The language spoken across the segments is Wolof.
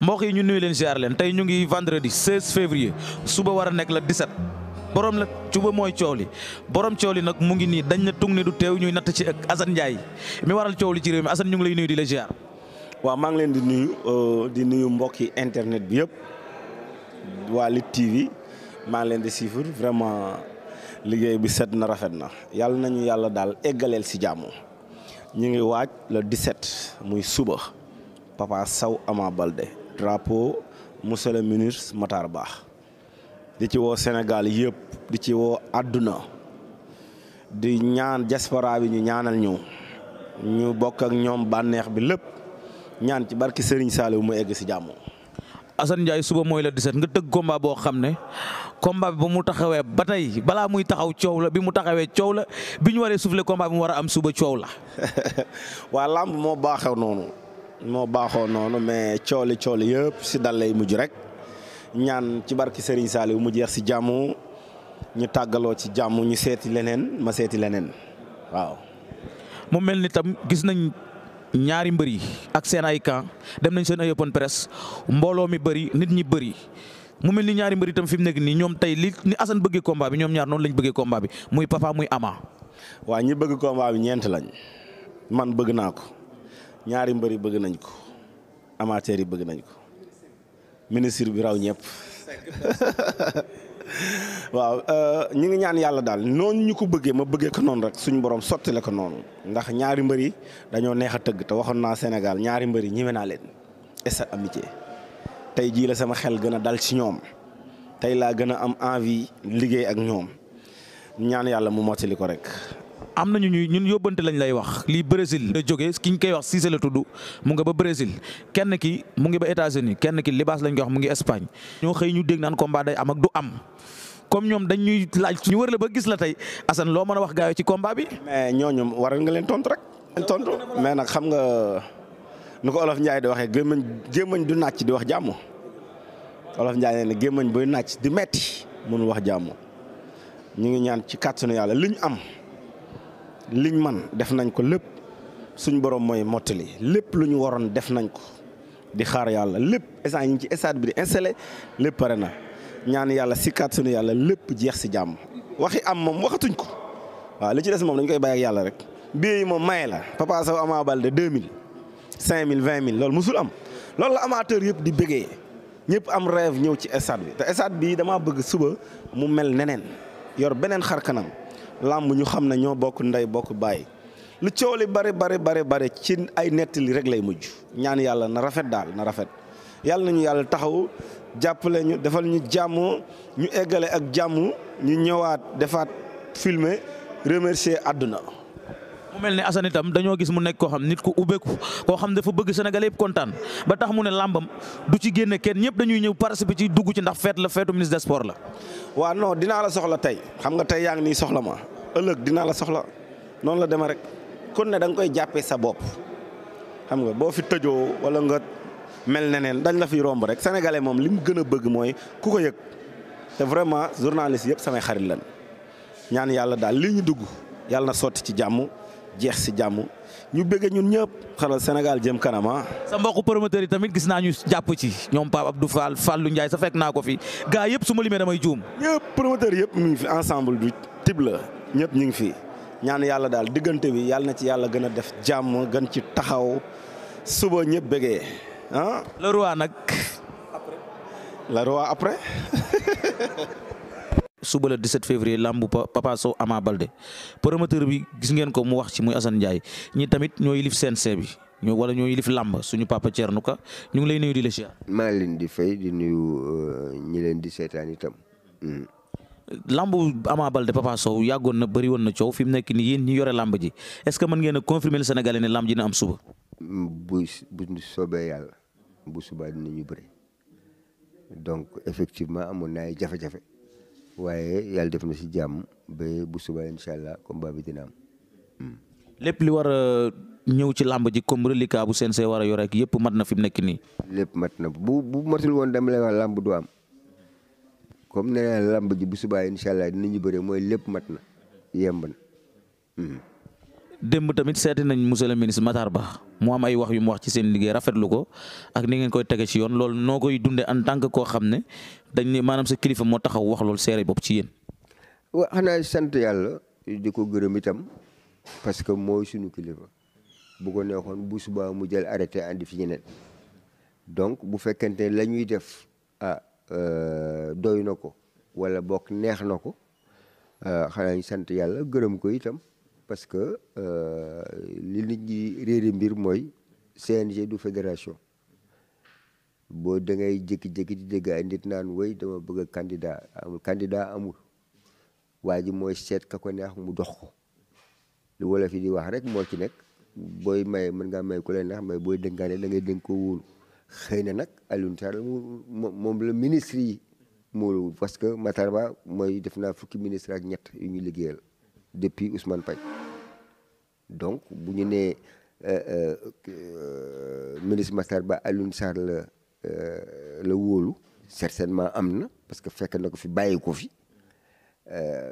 mbokk yi ñu nuyu leen ziar leen tey ñu ngi vendredi 16 février suba war a nekk la 17 borom la suba mooy coow li borom coow li nag mu ngi nii dañ na tung ne du teew ñuy natt ci ak Assane Ndiaye mi waral coow li ci réew mi Assane ñu ngi lay nuyu di la ziar. waaw maa leen di nuyu euh, di nuyu mbokki internet bi yëpp waa maa ngi leen di suivre vraiment liggéey bi set na rafet na yàlla nañu yàlla daal eggaleel si jàmm ñu ngi waaj le 17 muy suba Papa saw Ama Baldé. drapeau monsieur le ministre Matar Ba di ci woo Sénégal yëpp di ci woo àdduna di ñaan diaspora bi ñu ñaanal ñu ñu bokk ak ñoom bànneex bi lépp ñaan ci barki Serigne Saliou mu egg si jàmm. Assane Ndiaye suba mooy la 17 nga tëgg combat boo xam ne combat bi ba mu taxawee ba tey balaa muy taxaw coow la bi mu taxawee coow la bi ñu waree soufflé combat bi mu war am suba coow la. waa làmb moo baaxew noonu. moo baaxoo noonu mais cooli cooli yëpp si dal lay mujj rek ñaan ci barki Serigne Saliou mu jeex si jàmm ñu tàggaloo ci jàmm ñu seeti leneen ma seeti leneen waaw. mu mel ni tam gis nañ ñaari mbër yi ak seen ay camp dem nañ seen ay open press mbooloo mi bëri nit ñi bëri mu mel ni ñaari mbër yi tam fi mu nekk nii ñoom tey li ni Assane bëggee combat bi ñoom ñaar noonu lañ bëggee combat bi muy Papa muy Ama. waa ñi bëgg combat ñeent lañ man bëgg naa ko. ñaari mbër yi bëgg nañ ko amateurs yi bëgg nañ ko ministre bi raw ñëpp waaw euh, ñu ngi ñaan yàlla daal noonu ñu ko bëggee ma bëggee ko noonu rek suñu borom sotti ko noonu ndax ñaari mbër yi dañoo neex a tëgg te waxoon naa Sénégal ñaari mbër yi ñeme naa leen esa amitié tey jii la sama xel gën a dal ci ñoom tey laa gën a am envie liggéey ak ñoom ñaan yàlla mu mottali ko rek am nañu ñuy ñun yóbbante lañ lay wax lii Brésil la jóge ki ñu koy wax siise la tudd mu nga ba Brésil kenn ki mu ngi ba États-Unis kenn ki libaas lañ koy wax mu ngi Espagne ñoo xëy ñu dégg naan combat day am ak du am comme ñoom dañ ñuy laaj ñu wër la ba gis la tey Assane loo mën a wax gaayo ci combat bi. mais ñooñu waral nga leen tontu rek. tontu mais nag xam nga nu ko Olof Ndiaye di waxee gémmañ gémmañ du nàcc di wax jàmm Olof Ndiaye ne gémmañ buy nàcc di metti mënu wax jàmm ñu ngi ñaan ci kàttanu yàlla liñ am. liñ man def nañ ko lépp suñ borom mooy mottali lépp lu ñu waroon def nañ ko di xaar yàlla lépp instant yi ngi ci stade bi di installé lépp pare na ñaan yàlla si kàttanu yàlla lépp jeex si jàmm waxi am moom waxatuñ ko waaw li ci des moom dañ koy bàyyi yàlla rek bii moom maye la Papa Sow Ama Baldé deux mille cinq mille vingt mille loolu musul am loolu la yëpp di bëggee ñëpp am rêve ñëw ci stade bi te stade bi damaa bëgg suba mu mel neneen yor beneen xar kanam làmb ñu xam ne ñoo bokk ndey bokk baay lu coow li bare bare bare bare ci ay nettali rek lay mujj ñaan yàlla na rafet daal na rafet yàlla nañu yàlla taxaw jàppale ñu defal ñu jàmm ñu eggale ak jàmm ñu ñëwaat defaat filmer remercier àdduna mu mel ne Assane itam dañoo gis mu nekk koo xam nit ku ubbeeku koo xam dafa bëgg Sénégal yëpp kontaan ba tax mu ne làmbam du ci génne kenn ñëpp dañuy ñëw participer ci dugg ci ndax feet la feetu ministre des sports la. waaw non dinaa la soxla tey xam nga tey yaa ngi nii soxla ma ëllëg dinaa la soxla noonu la deme rek kon ne da koy jàppee sa bopp xam nga boo fi tëjoo wala nga mel ne neneen dañ la fi romb rek sénégalais moom li mu gën a bëgg mooy ku ko yëg te vraiment journaliste yëpp samay xarit lan ñaan ci jàmm. jeex si jàmm ñu bëgg ñun ñëpp xaral Sénégal jëm kanama ah. sa mbokku promoteur yi tamit gis naa ñu jàpp ci ñoom Pape Abdou Fall Fallou Ndiaye sa fekk naa ko fi gaa yëpp su ma limee damay juum. ñëpp promoteur yëpp ñu ngi fi ensemble du type la ñëpp ñu ngi fi ñaan yàlla daal diggante bi yàlla na ci yàlla gën a def jàmm gën ci taxaw suba ñëpp bëggee ah. le nag. après le après. suba la 17 février lambu Papa Sow Ama Balde promoteur bi gis ngeen ko mu wax ci muy asan Ndiaye ñi tamit ñoo yilif seen bi ñu wala ñoo yilif làmb suñu papa Thierno Ka ñu ngi lay nuyu di la ziar. maa leen di fay di nuyu euh, ñi leen di seetaan itam. Hmm. lambu Ama Balde Papa Sow yàggoon na bëri woon na coow fi mu nekk nii yéen ñi yore lamb ji est ce que mën ngeen a confirmer le Sénégalais am suba. Hmm, bu bu soobee yàlla bu subaa ñu bëri donc effectivement amoon na ay jafe-jafe. waaye yàlla def na si jàmm ba bu subaa incha allah combat bi dina am. Hmm. lépp li war a ñëw ci làmb ji comme reliquat bu CNG war a yore ak yëpp mat na fi mu nekk nii. lépp mat na bu bu matul woon dama lay wax làmb du am comme nee naa làmb ji bu subaa incha allah dinañu bëre mooy lépp mat na yemb na. Hmm. démb tamit seeti nañ monsieur le ministre Matar Ba mu am ay wax yu mu wax ci seen liggéey rafetlu ko ak ni ngeen koy tege ci yoon loolu noo koy dundee en tant koo xam ne dañ ne maanaam sa kilifa moo taxaw wax loolu seere bopp ci yéen. waaw xanaa sant yàlla di ko gërëm itam parce que mooy suñu kilifa bu ko neexoon bu subaa mu jël arrêté andi fi ñeneen donc bu fekkente la ñuy def ah euh, doy na ko wala bokk neex na ko ah, xanaa ñu sant yàlla gërëm ko itam. parce que euh, li nit ñi réeri mbir mooy CNG du fédération boo dangay ngay jékki di dégg a nit naan woy dama bëgg a candidat amul candidat waa ji mooy seet ka ko neex mu dox ko lu wolof yi di wax rek moo ci nekk booy may mën ngaa may ku leen neex mais booy dénkaane da ngay dénk ko wóolu xëy na nag Alioune moom la ministre yi moolu parce que Matar mooy def naa fukki ministre ak ñett yu ñu liggéeyal depuis Ousmane Paye donc bu ñu nee euh, euh, ministre Matar Ba Alioune Sarr la euh, la wóolu certainement am na parce que fekk na ko fi bàyyi ko fi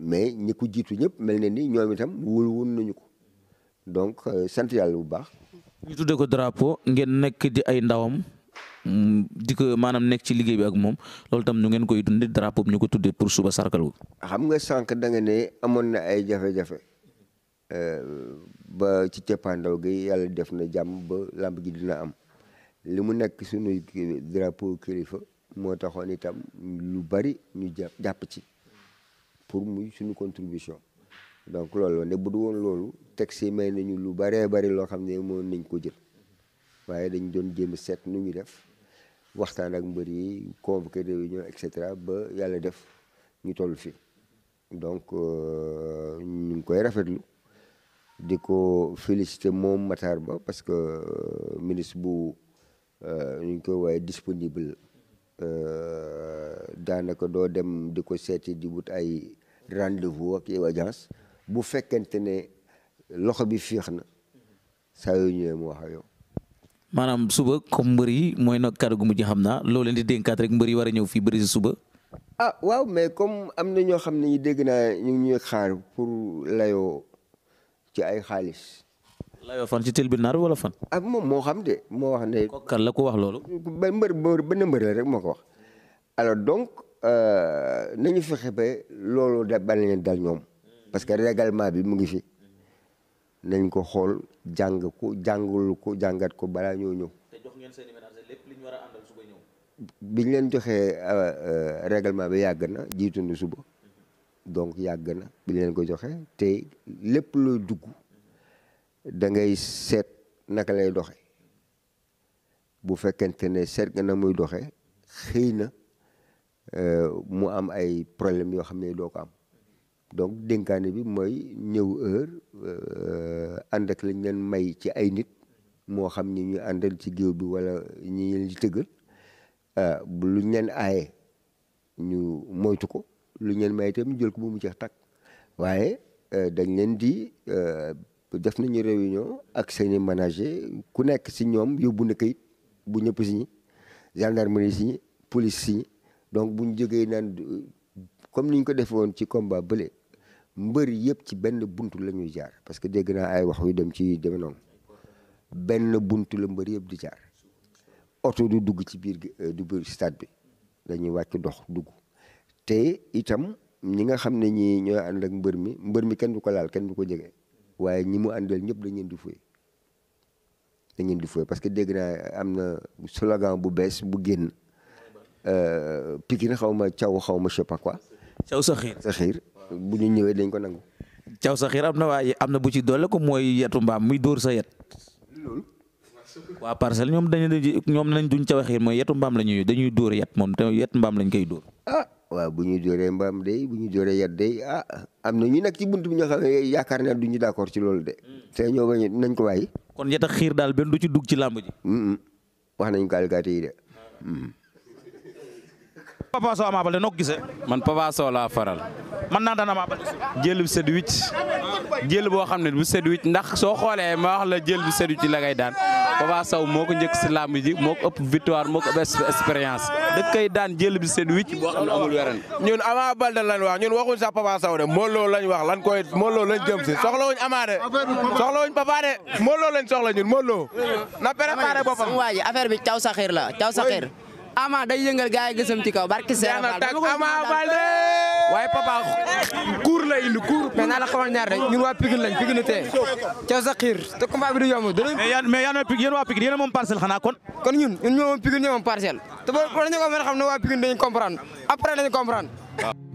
mais ñi ko jiitu ñëpp mel na ni ñoom itam wóolu woon nañu ko donc sant yàlla bu baax. ñu tuddee ko drapeau ngeen nekk di ay ndawam. Mm, di ko maanaam nekk ci liggéey bi ak moom loolu tam nu ngeen koy dundee drapeau bi ñu ko tuddee pour suba sargal ko. xam nga sànq da nga ne amoon na ay jafe-jafe ba ci cappaandaw gi yàlla def na jàmm ba làmb gi dina am li mu nekk suñuy drapeau kilifa moo taxoon itam lu bari ñu jàpp ci pour muy suñu contribution. donc loolu ne bu du woon loolu si may nañu lu baree bari loo xam ne moom nañ ko jël waaye dañ doon jéem seet nu ñu def waxtaan ak mbër yi convoqué réunion et cetera ba yàlla def ñu toll fii donc euh, ñu ngi koy rafet rafetlu di ko félicité moom Matar Ba parce que euh, ministre bu euh, ñu ngi koy waaye disponible daanaka doo dem di ko seeti di wut ay rendez-vous ak yow agence bu fekkente ne loxo bi féex na saa yoo ñëwee mu wax ak yow maanaam suba comme mbër yi mooy nag kàddu gu mujj xam naa loo leen di dénkaat rek mbër yi war a ñëw fii bëri si suba. ah waaw mais comme am na ñoo xam ne ñu dégg naa ñu ngi ñuy xaar pour layoo ci ay xaalis. layoo fan ci tribunal wala fan. ah moom moo xam de moo wax ne. ko kan la ko wax loolu. ba mbër mbër benn mbër la rek moo ko wax. alors donc euh, nañu fexe ba loolu da bañ leen dal ñoom. parce que règlement bi mu ngi fi. nañ ko xool jàng ko jàngul ko jàngat ko balaa ñoo ñëw. ñëw. biñ leen joxee euh, règlement bi yàgg na jiitu suba donc yàgg na biñ leen ko joxe te lépp looy dugg dangay seet naka lay doxe bu fekkente ne seet nga na muy doxe xëy na euh, mu am ay problème yoo xam ne doo ko am. donc dénkaane bi mooy ñëw heure euh, ànd ak lañ leen may ci ay nit moo xam ni ñu àndal ci géew bi wala ñi leen di tëggal euh, bu luñ leen aaye ñu moytu ko lu leen may itam jël ko bu mu jeex takk waaye euh, dañ leen di def nañu réunion ak seeni manager ku nekk si ñoom yóbbu na kayit bu ñëpp signé gendarmerie signé police signé donc bu ñu jógee naan comme ni ñu ko defee woon ci combat bële. mbër yëpp ci benn bunt la ñuy jaar parce que dégg naa ay wax yu dem ci deme noonu benn buntu la mbër yëpp di jaar oto du dugg ci biir gi euh, du biir stade bi dañuy wàcc dox dugg te itam ñi nga xam ne ñi ñooy ànd ak mbër mi mbër mi kenn du ko laal kenn du ko jege waaye ñi mu àndal ñëpp dañ leen di fuye dañ di fuye parce que dégg naa euh, am na slogan bu bees bu génn euh, Pikine xaw ma caw xaw ma je sais pas quoi. caw sa sa xiir. bu ñu ñëwee dañ ko nangu. caw sa xiir am na waaye am na bu ci doole ko mooy yetu mbaam muy dóor sa yet. loolu. waa parcelle ñoom dañu ñoom nañ duñ caw xiir la ñuy dañuy dóor yet moom te yet mbaam lañ koy dóor. ah waaw bu ñuy dóoree mbaam day bu ñuy dóoree yet day ah am na ñu nekk ci bunt bi ñoo xam ne yaakaar naa duñu d'accord ci loolu de. Mm. te ñoo bañ nañ ko waayi. kon yet ak xiir daal benn du ci dugg ci làmb ji. wax nañ ko alkaati yi de. Mm. Mm. Papa Sow Ama Baldé noo ko man Papa laa faral. man naa daan Ama Baldé jël bu sedd wicc jël boo xam ne bu sedd wicc ndax soo xoolee ma wax la jël bu sedd wicc la ngay daan Papa Sow moo ko njëkk si làmb ji moo ëpp victoire moo ëpp expérience da koy daan jël bu sedd wicc boo xam ne amul weran ñun Ama Baldé lañ wax ñun waxuñ sax Papa Sow de Modou Lo lañ wax lan koy Modou Lo lañ jëm si soxla wuñ Ama de soxla wuñ Papa de Modou lañ soxla ñun Modou Lo na préparé boppam waaji affaire bi caw saxir la caw saxir Ama day yëngal gaay yi gësam ci kaw barki waaye papa kuur la indi kuur. mais naa la xamal waa Pikine lañ Pikine tey ca Zakir te combat bi du yomb danañ. mais waa Pikine yéen waa Pikine yéen moom parcelle xanaa kon. kon ñun ñun ñoo moom Pikine ñoo moom parcelle te boo war nañu ko mën a xam ne waa Pikine dañu comprendre